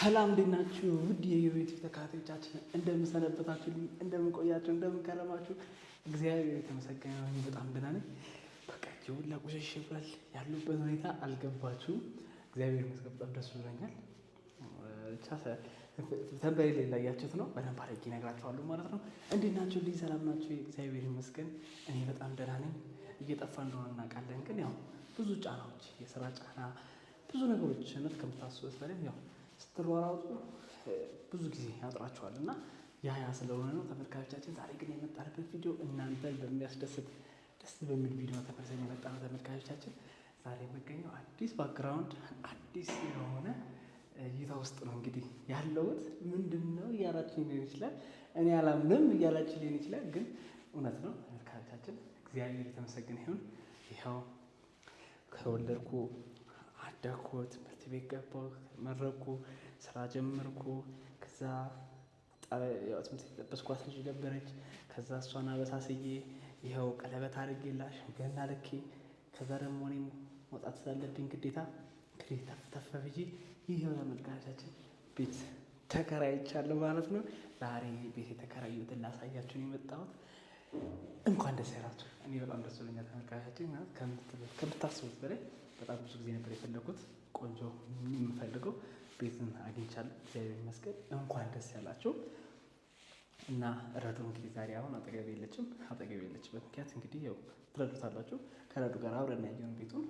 ሰላም እንዴት ናችሁ? ውድ የዩቤት ተከታታዮቻችን እንደምሰነበታችሁ፣ እንደምንቆያችሁ፣ እንደምንከረማችሁ እግዚአብሔር የተመሰገነ ሆኝ በጣም ደህና ነኝ። በቃ ሁላ ቆሸሽ ብሏል። ያሉበት ሁኔታ አልገባችሁም። እግዚአብሔር ይመስገን በጣም ደስ ብሎኛል። ብቻ ላይ ላያችሁት ነው። በደንብ አድርጌ እነግራችኋለሁ ማለት ነው። እንዴት ናችሁ? እንዲህ ሰላም ናችሁ? እግዚአብሔር ይመስገን እኔ በጣም ደህና ነኝ። እየጠፋ እንደሆነ እናውቃለን፣ ግን ያው ብዙ ጫናዎች፣ የስራ ጫና፣ ብዙ ነገሮች እውነት ከምታስበት በላይ ያው ስትሯሯጡ ብዙ ጊዜ ያጥራችኋል እና ያ ያ ስለሆነ ነው ተመልካቾቻችን ዛሬ ግን የመጣንበት ቪዲዮ እናንተን በሚያስደስት ደስ በሚል ቪዲዮ ተፈርሰን የመጣ ነው። ተመልካቾቻችን ዛሬ የምገኘው አዲስ ባክግራውንድ አዲስ የሆነ እይታ ውስጥ ነው እንግዲህ ያለሁት። ምንድን ነው እያላችን ሊሆን ይችላል፣ እኔ አላምንም እያላችን ሊሆን ይችላል፣ ግን እውነት ነው ተመልካቾቻችን። እግዚአብሔር የተመሰገነ ይሁን። ይኸው ከወለድኩ ደኮ ትምህርት ቤት ገባሁ፣ መረቅኩ፣ ስራ ጀመርኩ። ከዛ ትምህርት የጠበስኳት ልጅ ነበረች። ከዛ እሷን አበሳስዬ ይኸው ቀለበት አድርጌላት ሽምግልና ልኬ ከዛ ደግሞ እኔም መውጣት ስላለብኝ ግዴታ እንግዲህ ተፍተፍ ብዬ ይህ የሆነ ለመድጋቻችን ቤት ተከራይቻለሁ ማለት ነው። ዛሬ ቤት የተከራዩትን ላሳያችሁን የመጣሁት። እንኳን ደስ ያላችሁ። እኔ በጣም ደስ ብሎኛል። ተመልካያችን ከምታስቡት በላይ በጣም ብዙ ጊዜ ነበር የፈለጉት ቆንጆ የምፈልገው ቤትን አግኝቻለሁ። እግዚአብሔር ይመስገን። እንኳን ደስ ያላችሁ እና ረዱ እንግዲህ ዛሬ አሁን አጠገብ የለችም። አጠገብ የለችበት ምክንያት እንግዲህ ያው ትረዱታላችሁ። ከረዱ ጋር አብረን ያየነው ቤቱን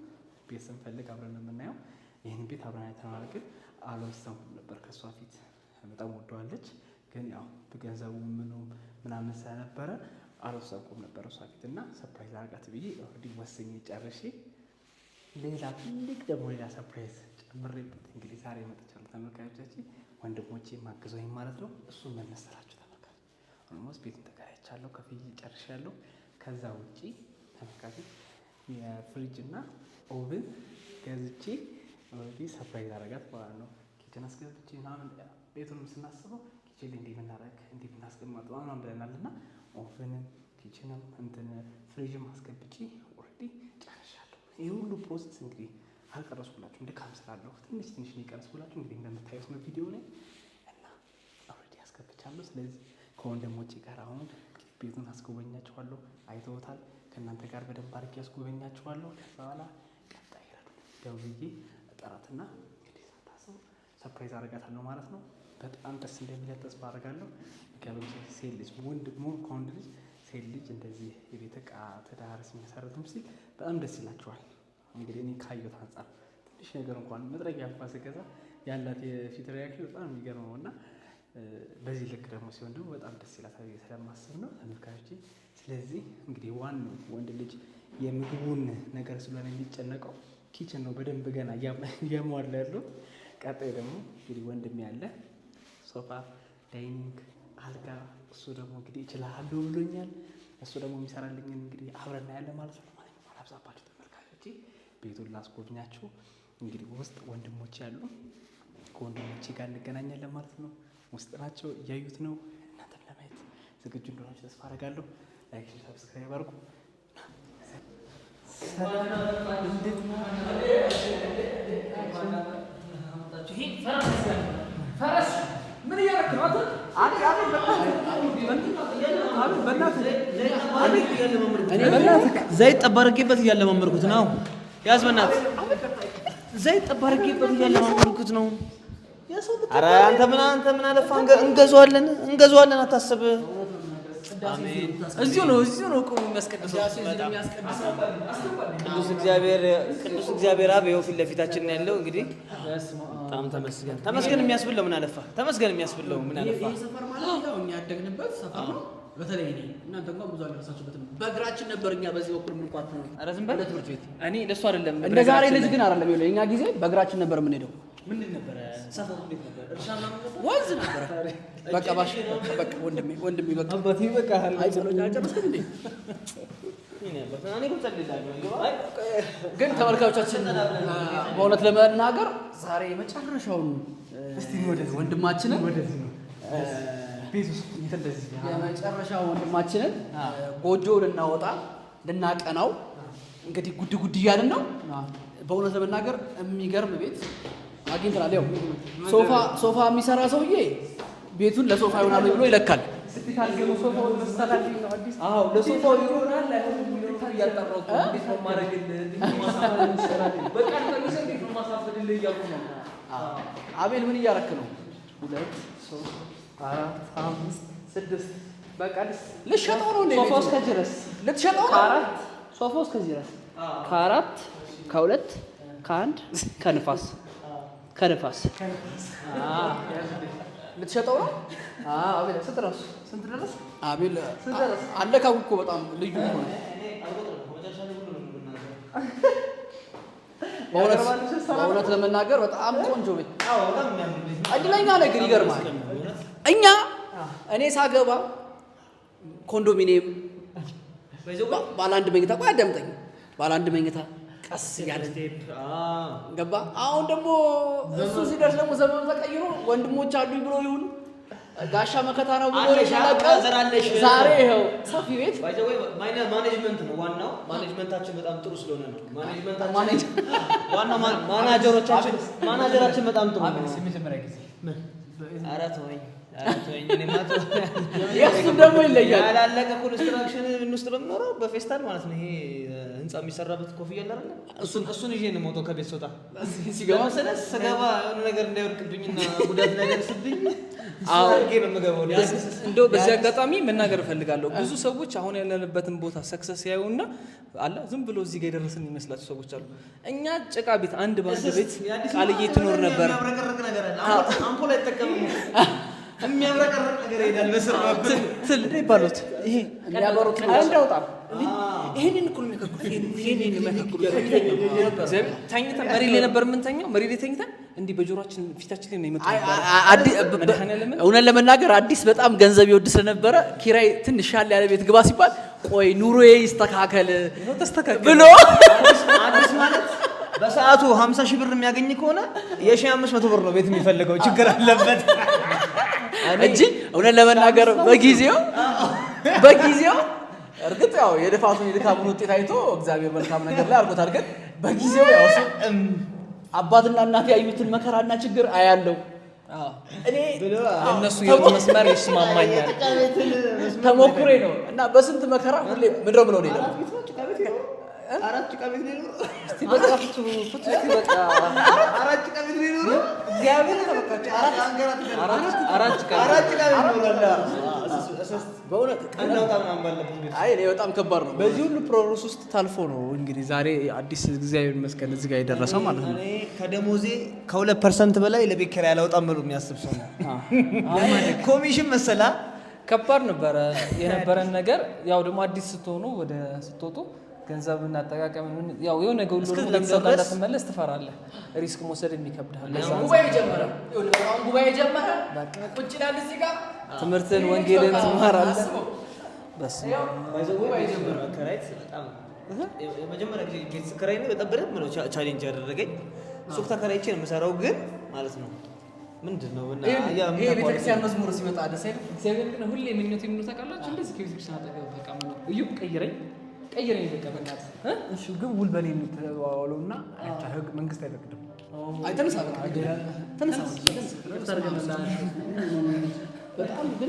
ቤት ስንፈልግ አብረን የምናየው ይህን ቤት አብረን አይተናል። ግን አልወሰንኩም ነበር ከእሷ ፊት በጣም ወደዋለች። ግን ያው በገንዘቡ ምኑ ምናምን ስለነበረ አላሰብኩም ነበር እሷ ፊት እና ሰፕራይዝ አርጋት ብዬ ኦልሬዲ ወስኜ ጨርሼ ሌላ ትልቅ ደግሞ ሌላ ሰፕራይዝ ጨምሬበት እንግዲህ ዛሬ መጥቻለሁ። ተመልካዮቻችን ወንድሞቼ ማግዘኝ ማለት ነው። እሱ ምን መሰላችሁ ተመልካች ኦልሞስት ቤቱን ተከራይቻለሁ፣ ከፍዬ ጨርሻለሁ። ከዛ ውጪ ተመልካቾች የፍሪጅ እና ኦቭን ገዝቼ ኦልሬዲ ሰፕራይዝ አረጋት ማለት ነው። ኪችን አስገብቼ ምናምን ቤቱንም ስናስበው ኪችን ላይ እንዲህ ብናረግ እንዲህ ብናስቀምጥ ምናምን ብለናል እና ኦቨንም ኪችንም እንትን ፍሪጅም አስገብቼ ኦልሬዲ ጨርሻለሁ። ይህ ሁሉ ፕሮሰስ እንግዲህ አልቀረስኩላችሁ እንደ ካም ስላለሁ ትንሽ ትንሽ ነው የቀረስኩላችሁ እንግዲህ እንደምታዩት ነው ቪዲዮ ላይ እና ኦልሬዲ አስገብቻለሁ። ስለዚህ ከወንድሞቼ ጋር አሁን ቤቱን አስጎበኛችኋለሁ። አይተውታል። ከእናንተ ጋር በደንብ አድርጌ አስጎበኛችኋለሁ። ከዛ በኋላ ቀጣይ ረዱ ደውዬ ጠራትና እንግዲህ ሳታስቡ ሰርፕራይዝ አደርጋታለሁ ማለት ነው። በጣም ደስ እንደሚል ተስፋ አደርጋለሁ። ምክንያቱም ሴት ልጅ ወንድ ሞር ከወንድ ልጅ ሴት ልጅ እንደዚህ የቤት ዕቃ ትዳር ሲመሰረትም ሲል በጣም ደስ ይላቸዋል። እንግዲህ እኔ ካየሁት አንጻር ትንሽ ነገር እንኳን መጥረጊያ እንኳን ስገዛ ያላት የፊት ሪያክሽን በጣም የሚገርመው እና በዚህ ልክ ደግሞ ሲሆን ደግሞ በጣም ደስ ይላታል ስለማስብ ነው ተመልካቾቼ። ስለዚህ እንግዲህ ዋናው ወንድ ልጅ የምግቡን ነገር ስለሆነ የሚጨነቀው ኪችን ነው። በደንብ ገና እያሟላ ያለው ቀጣይ ደግሞ እንግዲህ ወንድም ያለ ሶፋ፣ ዳይኒንግ፣ አልጋ እሱ ደግሞ እንግዲህ ይችላሉ ብሎኛል። እሱ ደግሞ የሚሰራልኝ እንግዲህ አብረን እናያለን ማለት ነው ማለት ነው። አላብዛባችሁ ተመልካቾቼ፣ ቤቱን ላስጎብኛችሁ። እንግዲህ ውስጥ ወንድሞች ያሉ ከወንድሞቼ ጋር እንገናኛለን ማለት ነው። ውስጥ ናቸው እያዩት ነው። እናንተም ለማየት ዝግጁ እንደሆናችሁ ተስፋ አደርጋለሁ። ላይክ፣ ሰብስክራይብ አድርጉ። ፈረስ ምን እያደረክ ነው? ዘይት ጠብ አድርጌበት እያለማመርኩት ነው። ያዝ በእናትህ ዘይት ጠብ አድርጌበት ነው። አንተ ምን አንተ ምን አለፋ እንገዛዋለን፣ እንገዛዋለን አታስብ። እዚሁ ነው እዚሁ ነው ቆሞ የሚያስቀድሰው ቅዱስ እግዚአብሔር ቅዱስ እግዚአብሔር አብ ይኸው ፊት ለፊታችን ያለው እንግዲህ በጣም ተመስገን ተመስገን የሚያስብለው ምን አለፋ ተመስገን የሚያስብለው ምን አለፋ ሰፈር ማለት ነው እኛ ያደግንበት ሰፈር ነው በተለይ እኔ እናንተ እንኳን ብዙ አልደረሳችሁበትም። በእግራችን ነበር እኛ በዚህ በኩል የምንኳት ነው። ኧረ ዝም ትምህርት ቤት እኔ ለሱ አይደለም እንደ ዛሬ ልጅ ግን አይደለም። የእኛ ጊዜ በእግራችን ነበር የምንሄደው ሰፈሩ እርሻ ወንዝ ነበረ። በቃ ባሽ በቃ ወንድሜ ወንድሜ በቃ አባቴ በቃ አይ እንዴ ግን ተመልካቾቻችን በእውነት ለመናገር ዛሬ የመጨረሻውን ወንድማችንን የመጨረሻ ወንድማችንን ጎጆ ልናወጣ ልናቀናው እንግዲህ ጉድ ጉድ እያልን ነው። በእውነት ለመናገር የሚገርም ቤት አግኝተናል። ያው ሶፋ ሶፋ የሚሰራ ሰውዬ ቤቱን ለሶፋ ይሆናል ብሎ ይለካል። አቤል ምን እያረክ ነው? ሁለት አራት አምስት ስድስት ልትሸጠው ነው ከአራት ከሁለት ከአንድ ከንፋስ ከንፋስ ልትሸጠው ነው። አቤል ስንት ደረሱ? ስንት ደረስ? አቤል አለካው እኮ በጣም ልዩ ሆነ። በእውነት ለመናገር በጣም ቆንጆ ቤት እድለኛ ነገር ይገርማል። እኛ እኔ ሳገባ ኮንዶሚኒየም ባለ አንድ መኝታ ቆይ አዳምጠኝ፣ ባለ አንድ መኝታ ቀስ እያለ ገባ። አሁን ደግሞ እሱ ሲደርስ ደግሞ ዘመኑ ተቀይሮ ወንድሞች አሉኝ ብሎ ይሁን ጋሻ መከታ ነው ብሎ ይሻላቀዘራለሽ ዛሬ ይኸው ሰፊ ቤት ማኔጅመንት ነው ዋናው። ማኔጅመንታችን በጣም ጥሩ ስለሆነ ነው። ማናጀሮቻችን ማናጀራችን በጣም ጥሩ ወይ የእሱ ደግሞ ይለያል። ያላለቀ ኮንስትራክሽን ውስጥ በምኖረው በፌስታል ማለት ነው ይሄ ህንፃ የሚሰራበት ኮፍያ አለ አይደል? እሱን እሱን ይዤ ነው የምወጣው ከቤት ስወጣ። ሲገባ ስገባ የሆነ ነገር እንዳይወድቅብኝና ጉዳት እንዳይደርስብኝ እንደው በዚህ አጋጣሚ መናገር እፈልጋለሁ። ብዙ ሰዎች አሁን ያለንበትን ቦታ ሰክሰስ ያዩና አላ ዝም ብሎ እዚህ ጋር የደረስን የሚመስላቸው ሰዎች አሉ። እኛ ጭቃ ቤት አንድ ባንድ ቤት ቃልዬ ትኖር ነበር። አምፖል አይጠቀምም የሚያብረቀርቅ ነገር ይሄዳል። ይሄ ይሄንን እኮ ተኝተን መሬት ላይ ነበር የምንተኛው። መሬት ላይ ተኝተን እንዲህ በጆሮአችን ፊታችን ላይ ነው እውነት ለመናገር አዲስ በጣም ገንዘብ ይወድ ስለነበረ ኪራይ ትንሽ ያለ ያለ ቤት ግባ ሲባል ቆይ ኑሮዬ ይስተካከል ብሎ አዲስ ማለት በሰዓቱ 50 ሺህ ብር የሚያገኝ ከሆነ የሺህ አምስት ብር ነው ቤት የሚፈልገው። ችግር አለበት እንጂ እውነት ለመናገር በጊዜው በጊዜው እርግጥ ያው የልፋቱን የድካሙን ውጤት አይቶ እግዚአብሔር መልካም ነገር ላይ አድርጎታል። ግን በጊዜው ያው እሱ አባትና እናት ያዩትን መከራና ችግር አያለው። እነሱ መስመር ይስማማኛል ተሞክሬ ነው እና በስንት መከራ ሁሌ ምድረ ብለው ነው አራት በጣም ከባድ ነው። በዚህ ሁሉ ፕሮግረስ ውስጥ ታልፎ ነው እንግዲህ ዛሬ አዲስ እግዚአብሔር ይመስገን እዚህ ጋር የደረሰው ማለት ነው። ከደሞዜ ከሁለት ፐርሰንት በላይ ለቤት ኪራይ አላወጣም ብሎ የሚያስብ ሰው ነው። ኮሚሽን መሰላ ከባድ ነበረ የነበረን ነገር። ያው ደግሞ አዲስ ስትሆኑ ወደ ስትወጡ ገንዘብ እናጠቃቀም ያው የሆነ ነገር ሁሉ ትፈራለህ። ሪስክ መውሰድ የሚከብዳል። ጉባኤ ጀመረ፣ ጉባኤ ጀመረ። ቁጭ ይላል እዚህ ጋር ትምህርትን ወንጌልን ትማራለህ። የመጀመሪያ ጊዜ ቻሌንጅ ያደረገኝ። ሱቅ ተከራይቼ ነው የምሰራው፣ ግን ማለት ነው ምንድን ነው ቤተክርስቲያን መዝሙር ሲመጣ ደስ አይልም። እግዚአብሔር ግን ሁሌ ምኞት የሚኖር ታውቃላችሁ፣ እንደዚህ ከቤተክርስቲያን አጠገብ በቃ ነው እዩ ቀይረኝ ቀይረኝ በቃ በናት እሺ። ግን ውል በኔ የምትዋዋለው እና ህግ መንግስት አይፈቅድም። አይ ተነሳ በቃ ተነሳ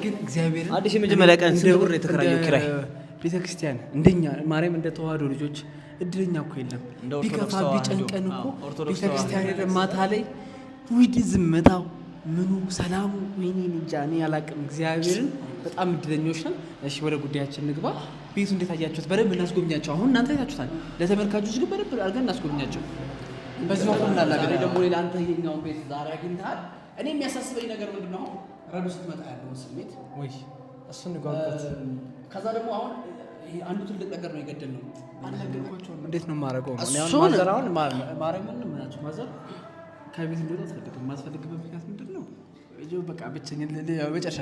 ግን እግዚአብሔር አዲስ የመጀመሪያ ቀን ስንት ብር የተከራየው ኪራይ? ቤተክርስቲያን እንደኛ ማርያም እንደ ተዋህዶ ልጆች እድለኛ እኮ የለም። ቢከፋ ቢጨንቀን እኮ ቤተክርስቲያን ማታ ላይ ዊድ ዝምታው ምኑ ሰላሙ ወይኔ እንጃ እኔ አላቅም። እግዚአብሔርን በጣም እድለኞች ነን። እሺ ወደ ጉዳያችን ንግባ። ቤቱ እንዴት አያችሁት? በደንብ እናስጎብኛቸው። አሁን እናንተ አይታችሁታል። ለተመልካቾች ግን በደንብ አድርገን እናስጎብኛቸው። በዚህ በኩል እናላገ ደግሞ ሌላ አንተ የኛውን ቤት ዛሬ አግኝተሃል። እኔ የሚያሳስበኝ ነገር ምንድን ነው? ረዱ ስትመጣ ያለውን ስሜት ወይ እሱ ጓጉት። ከዛ ደግሞ አሁን አንዱ ትልቅ ነገር ነው የገደል ነው። እንዴት ነው የማደርገው? ማዘራውን ማድረግ ምን ምናቸው ማዘር ከቤት እንደወጣ አትፈልግም። የማትፈልግበት ምክንያት ምንድን ነው? በቃ ብቸኛ መጨረሻ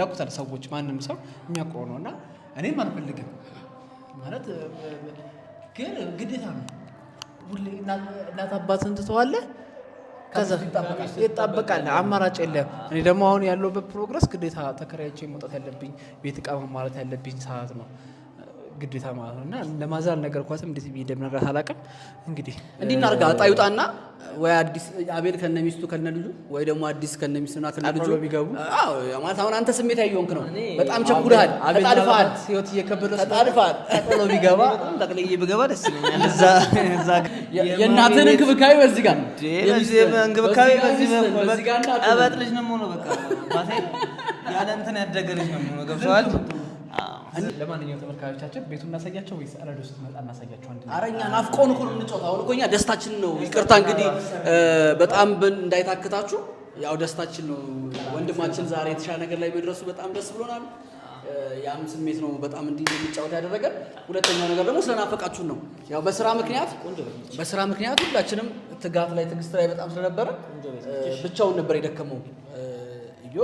ያውቁታል ሰዎች፣ ማንም ሰው የሚያውቀው ነው። እና እኔም አልፈልግም ማለት ግን ግዴታ ነው። ሁሌ እናት አባትን ትተዋለህ ይጣበቃል። አማራጭ የለም። እኔ ደግሞ አሁን ያለው ፕሮግረስ ግዴታ ተከራይቼ መውጣት ያለብኝ ቤት እቃ ማለት ያለብኝ ሰዓት ነው። ግዴታ ማለት ነው እና ለማዛል ነገር ኳስም እንደዚህ እንደምነግራት አላውቅም። እንግዲህ እንዲህ እናድርጋ ጣዩጣና ወይ አዲስ አቤል ከነ ሚስቱ ከነ ልጁ ወይ ደግሞ አዲስ ከነ ሚስቱና ከነ ልጁ ቢገቡ ማለት አሁን አንተ ስሜት ያየሆንክ ነው። በጣም ቸኩልሃል፣ ተጣድፈሃል፣ ህይወት እየከበደ ተጣድፈሃል። ተጥሎ ቢገባ ጠቅልዬ ብገባ ደስ ይለኛል። እዛ የእናትህን እንክብካቤ በዚህ ጋር እንክብካቤ በዚህ ጋር ቀበጥ ልጅ ነው የምሆነው። በቃ ያለ እንትን ያደገ ልጅ ነው የምሆነው። ገብቶሃል? ለማንኛውም ተመልካቾቻችን ቤቱ እናሳያቸው ወይስ ረዶ ስትመጣ እናሳያቸው? ኧረ እኛ ናፍቆን እኮ ነው የምንጫወተው። አሁን እኮ እኛ ደስታችን ነው። ይቅርታ እንግዲህ በጣም እንዳይታክታችሁ፣ ያው ደስታችን ነው። ወንድማችን ዛሬ የተሻለ ነገር ላይ መድረሱ በጣም ደስ ብሎናል። ያም ስሜት ነው በጣም እንዲህ የሚጫወት ያደረገን። ሁለተኛው ነገር ደግሞ ስለናፈቃችሁን ነው። ያው በስራ ምክንያት በስራ ምክንያት ሁላችንም ትጋት ላይ ትግስት ላይ በጣም ስለነበረ ብቻውን ነበር የደከመው እዮ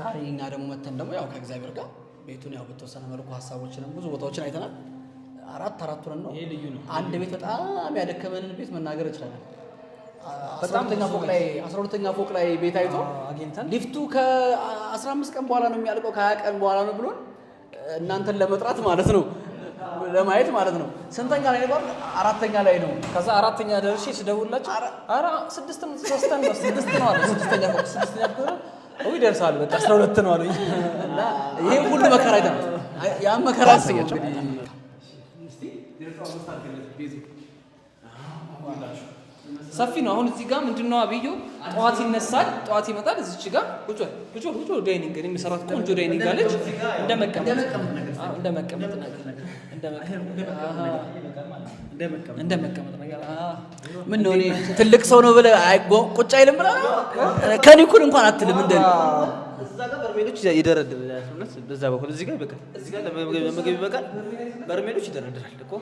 ዛሬ እኛ ደግሞ መተን ደግሞ ያው ከእግዚአብሔር ጋር ቤቱን ያው በተወሰነ መልኩ ሀሳቦችንም ብዙ ቦታዎችን አይተናል። አራት አራት ሆነን ነው። ልዩ ነው። አንድ ቤት በጣም ያደከመንን ቤት መናገር እንችላለን። አስራ ሁለተኛ ፎቅ ላይ ቤት አይቶ ሊፍቱ ከአስራ አምስት ቀን በኋላ ነው የሚያልቀው ከሀያ ቀን በኋላ ነው ብሎን እናንተን ለመጥራት ማለት ነው ለማየት ማለት ነው። ስንተኛ ላይ ነበር? አራተኛ ላይ ነው። ከዛ አራተኛ ደርሼ ስደውላቸው ኧረ ስድስት ነው ስድስት ነው አለ። ስድስተኛ ፎቅ ስድስተኛ ፎቅ ነው ይደርሳል። በቃ አስራ ሁለት ነው አለኝ። ይሄ ሁሉ መከራ አይተን ያን መከራ ሰፊ ነው። አሁን እዚህ ጋር ምንድነው አብዩ ጠዋት ይነሳል፣ ጠዋት ይመጣል። እዚች ጋር ቁጭ ቁጭ ዳይኒንግ የሚሰራት ቆንጆ ዳይኒንግ አለች። እንደ መቀመጥ እንደ መቀመጥ ነገር ምን ነው ትልቅ ሰው ነው ብለህ ቁጭ አይልም ብለህ ከኒኩል እንኳን አትልም እንደ እዛ ጋር በርሜሎች ይደረድራል። በዛ በኩል እዚህ ጋር ይበቃል። እዚህ ጋር ለምግብ ይበቃል። በርሜሎች ይደረድራል እኮ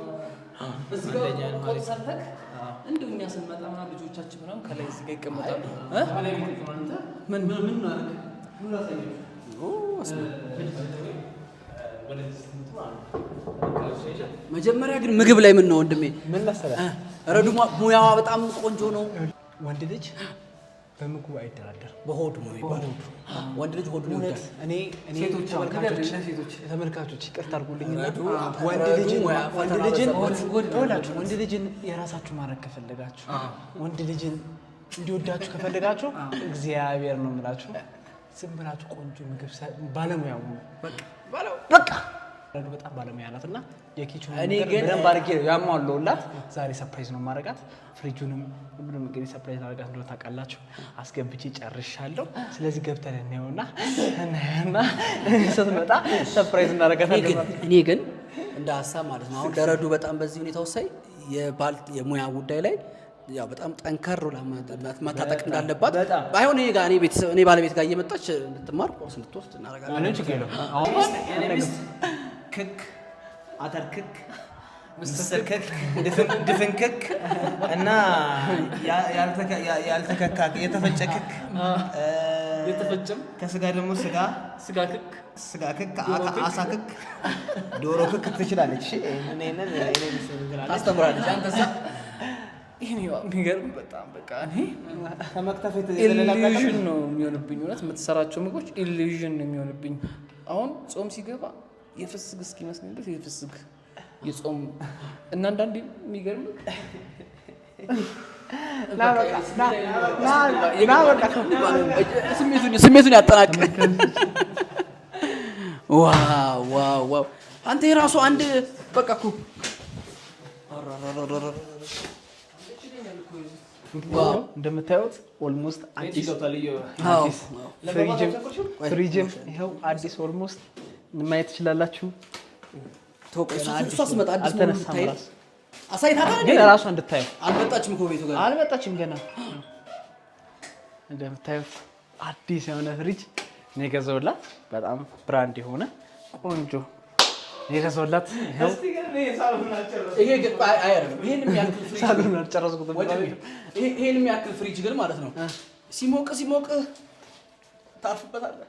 እንደው እኛ ስንመጣ ምናምን ልጆቻችን ምናምን ከላይ እዚህ ጋር ይቀመጣሉ። መጀመሪያ ግን ምግብ ላይ ምን ነው ወንድሜ፣ ምን መሰለህ ረዱ ሙያዋ በጣም ቆንጆ ነው ወንድ ልጅ በምግቡ አይደራደር፣ በሆዱ ነው የሚባለው። ወንድ ልጅ ሆዱ ነው። እኔ እኔ ሴቶች ተመልካቾች ይቅርታ አድርጉልኝ። ወንድ ልጅን የራሳችሁ ማድረግ ከፈለጋችሁ፣ ወንድ ልጅን እንዲወዳችሁ ከፈለጋችሁ እግዚአብሔር ነው የምላችሁ። ዝም ብላችሁ ቆንጆ ምግብ ባለሙያ በቃ በጣም ባለሙያ ናት እና የኪችን እኔ ነው በደንብ አድርጌ ዛሬ ሰፕራይዝ ነው ማድረጋት። ፍሪጁንም ሁሉንም እንግዲህ ሰፕራይዝ ማድረጋት እንደሆነ ታውቃላችሁ። አስገብቼ ጨርሻለሁ። ስለዚህ ገብተን እናየውና እናየውና ስትመጣ ሰፕራይዝ እናረጋታለን። እኔ ግን እንደ ሀሳብ ማለት ነው አሁን ለረዱ በጣም በዚህ ሁኔታ ወሳኝ የባል የሙያ ጉዳይ ላይ ያው በጣም ጠንከር ለማለት መታጠቅ እንዳለባት ባይሆን እኔ ጋር እኔ እኔ ባለቤት ጋር እየመጣች እንድትማር ቁርስ እንድትወስድ እናደርጋለን። ክክ፣ አተር ክክ፣ ምስር ክክ፣ ድፍን ክክ እና ያልተከካ የተፈጨ ክክ የተፈጨም ከስጋ ደግሞ ስጋ ስጋ ክክ ስጋ ክክ አሳ ክክ ዶሮ ክክ ትችላለች። ታስተምራለች። የሚገርም በጣም በቃ ከመክተፍ ኢሉዥን ነው የሚሆንብኝ። እውነት የምትሰራቸው ምግቦች ኢሉዥን ነው የሚሆንብኝ። አሁን ጾም ሲገባ የፍስግ እስኪመስልበት የፍስግ የጾም እና አንዳንዴ የሚገርም ስሜቱን ያጠናቅ ዋው አንተ የራሱ አንድ በቃ እኮ እንደምታዩት ኦልሞስት ፍሪጅም ይኸው አዲስ ኦልሞስት ማየት ትችላላችሁ። ግን እራሷ አልመጣችም። ገና እንደምታዩት አዲስ የሆነ ፍሪጅ እኔ ገዛሁላት። በጣም ብራንድ የሆነ ቆንጆ የገዛሁላት ይሄን የሚያክል ፍሪጅ ግን ማለት ነው ሲሞቅ ሲሞቅ ታርፍበታለህ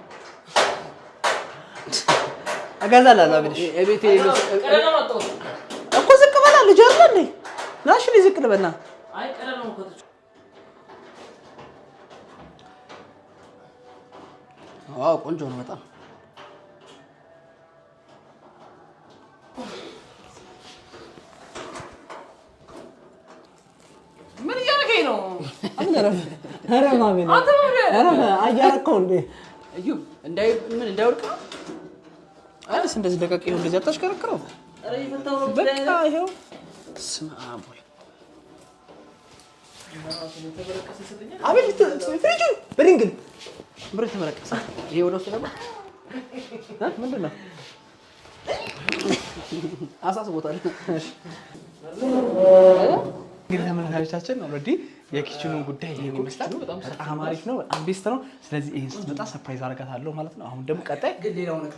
እገዛላለሁ። አቤትሽ እቤቴ እኮ ዝቅ በላ ልጅ አለ ናሽ ዝቅ ልበና ዋው ቆንጆ ነው በጣም ምን እያደረገኝ ነው? ኧረ ማሜ ነው። አንተ ምን እንዳይወድቅ ነው አለስ እንደዚህ ደቀቅ ይሁን እንደዚህ አታሽከረክረው። በቃ ይሄው ስም አቦይ አቤት ፍሪጁ በድንግል ብር ተመረቀሰ። ይሄ ወደ ውስጥ ደግሞ ምንድን ነው አሳስቦታል። እንግዲህ ተመልካቾቻችን ኦልሬዲ የኪችኑ ጉዳይ ይሄን ይመስላል። በጣም አሪፍ ነው፣ በጣም ቤስት ነው። ስለዚህ ይሄን ስትመጣ ሰርፕራይዝ አደርጋታለሁ ማለት ነው። አሁን ደግሞ ቀጣይ ግን ሌላውን ዕቃ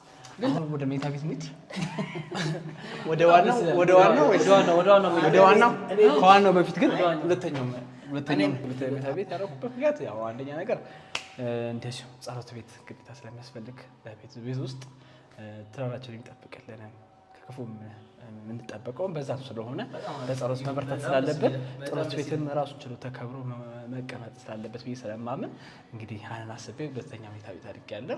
ወደ መኝታ ቤት እንሂድ። ወደ ዋናው ወደ ዋናው ወደ ዋናው ከዋናው በፊት ግን ሁለተኛው መኝታ ቤት ያደረኩበት ምክንያት ያው አንደኛ ነገር እንደዚሁ ጸሎት ቤት ግዴታ ስለሚያስፈልግ ቤት ውስጥ ትዳራችንን የሚጠብቅልን ከክፉ የምንጠበቀውም በዛ ስለሆነ በጸሎት መበርታት ስላለብን ጸሎት ቤትን ራሱን ችሎ ተከብሮ መቀመጥ ስላለበት ብዬ ስለማምን እንግዲህ ያንን አስቤ ሁለተኛ መኝታ ቤት አድርጌያለሁ።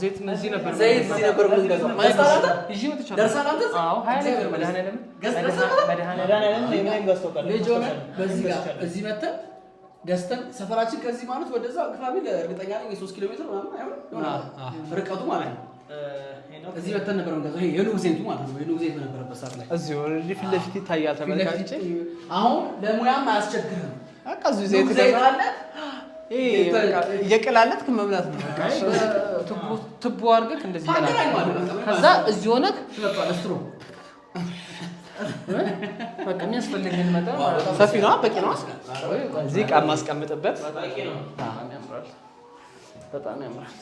ዘይት እዚህ ነበር የምንገዛው። እዚህ መተን ገዝተን ሰፈራችን ከዚህ ማለት ወደዛ ግፋቢል እርግጠኛ ነኝ የሶስት ኪሎ ሜትር ርቀቱ ማለት ነው። እዚህ መተን ነበር የምንገዛው። የኑግ ዘይቱ ማለት ነው። የኑግ ዘይት በነበረበት ሰዓት ላይ እዚሁ ፊት ለፊት ይታያል። ተመልካች አሁን ለሙያም አያስቸግርም። ዘይት አለ እየቀላለድክ መብላት ነው ትቦ አድርገህ እንደዚህ ከዛ እዚህ ሆነህ በቃ የሚያስፈልግህን መጠን ሰፊ ነው፣ በቂ ነው። እዚህ ዕቃ የማስቀምጥበት በጣም ያምራል።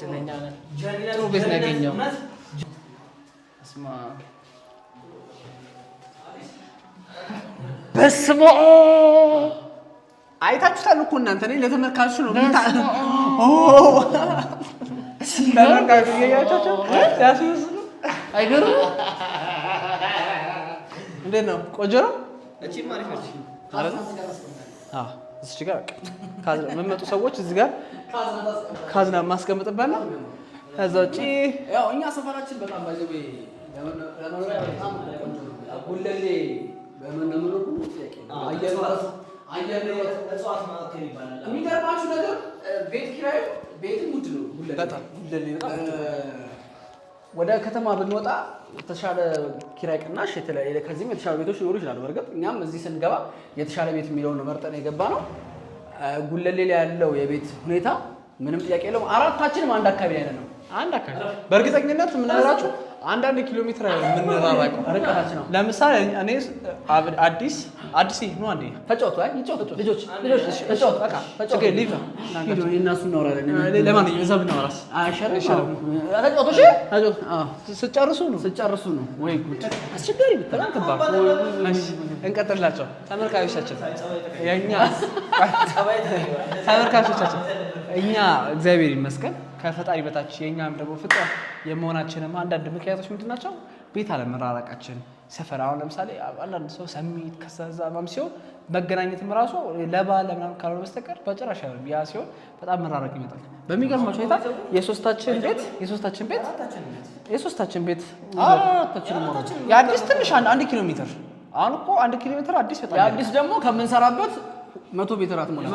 ጥሩ ቤት ነው ያገኘው። በስማ በስማ አይታችሁታል እኮ እናንተ ነኝ ለተመልካቹ ነው እንዴት ነው ቆንጆ ነው ጋር የምትመጡ ሰዎች እዚህ ጋር ካዝና ማስቀምጥበት ነው ከዛ ውጭ ያው እኛ ሰፈራችን በጣም ባይዘቤ ለመኖሪያ በጣም ጉለሌ በመኖሩ ጥያቄ ነው የሚገርማችሁ ነገር ቤት ኪራይ ቤትም ውድ ነው። በጣም ወደ ከተማ ብንወጣ የተሻለ ኪራይ ቅናሽ፣ ከዚህም የተሻለ ቤቶች ሊኖሩ ይችላሉ። በእርግጥ እኛም እዚህ ስንገባ የተሻለ ቤት የሚለውን መርጠን የገባ ነው። ጉለሌ ላይ ያለው የቤት ሁኔታ ምንም ጥያቄ የለውም። አራታችንም አንድ አካባቢ ላይ ነው። አንድ አካባቢ በእርግጠኝነት አንዳንድ ኪሎ ሜትር የምንራራቀው ለምሳሌ እኔ አዲስ አዲስ ነው አንዴ ተጫወቱ። ስጨርሱ ነው ስጨርሱ ነው ወይ ጉድ! አስቸጋሪ በጣም ከባድ። እንቀጥላቸው። ተመልካቾቻችን የእኛ ተመልካቾቻችን እኛ እግዚአብሔር ይመስገን ከፈጣሪ በታች የእኛም ደግሞ ፍጥረት የመሆናችንም አንዳንድ ምክንያቶች ምንድን ናቸው? ቤት አለመራራቃችን፣ ሰፈር አሁን ለምሳሌ አንዳንድ ሰው ሰሚት ከሰዛ ማም ሲሆን መገናኘትም ራሱ ለባ ለምናም ካልሆነ በስተቀር በጭራሽ አይሆንም። ያ ሲሆን በጣም መራረቅ ይመጣል። በሚገርማችሁ ሁኔታ የሶስታችን ቤት የሶስታችን ቤት የሶስታችን ቤት የአዲስ ትንሽ አንድ ኪሎ ሜትር አሁን እኮ አንድ ኪሎ ሜትር አዲስ በጣም የአዲስ ደግሞ ከምንሰራበት መቶ ሜትር አትሞላ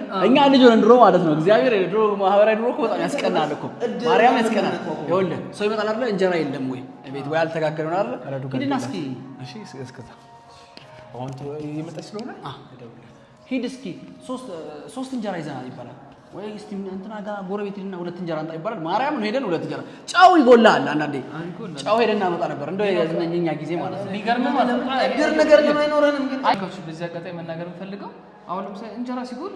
እኛ ልጅ ሆነን ድሮ ማለት ነው እግዚአብሔር ድሮ ማህበራዊ ድሮ እኮ በጣም ያስቀናል እኮ ማርያም ያስቀናል። ይኸውልህ ሰው ይመጣል አይደለ እንጀራ የለም ወይ ቤት ወይ አልተጋገረ ነው አይደለ ሂድና እስኪ እሺ እስከታ አሁን እየመጣች ስለሆነ ሂድ እስኪ ሶስት እንጀራ ይዘናል ይባላል ወይ እስቲ እንትና ጋር ጎረቤት ሄድና ሁለት እንጀራ አንጣ ይባላል። ማርያም ነው ሄደን ሁለት እንጀራ ጫው ይጎላል። አንዳንዴ ጫው ሄደን እናመጣ ነበር። እንደው የኛ ጊዜ ማለት ነው። ቢገርም ማለት ነው ነገር ግን አይኖረንም። ግን በዚህ አጋጣሚ መናገር የምፈልገው አሁን ለምሳሌ እንጀራ ሲጎል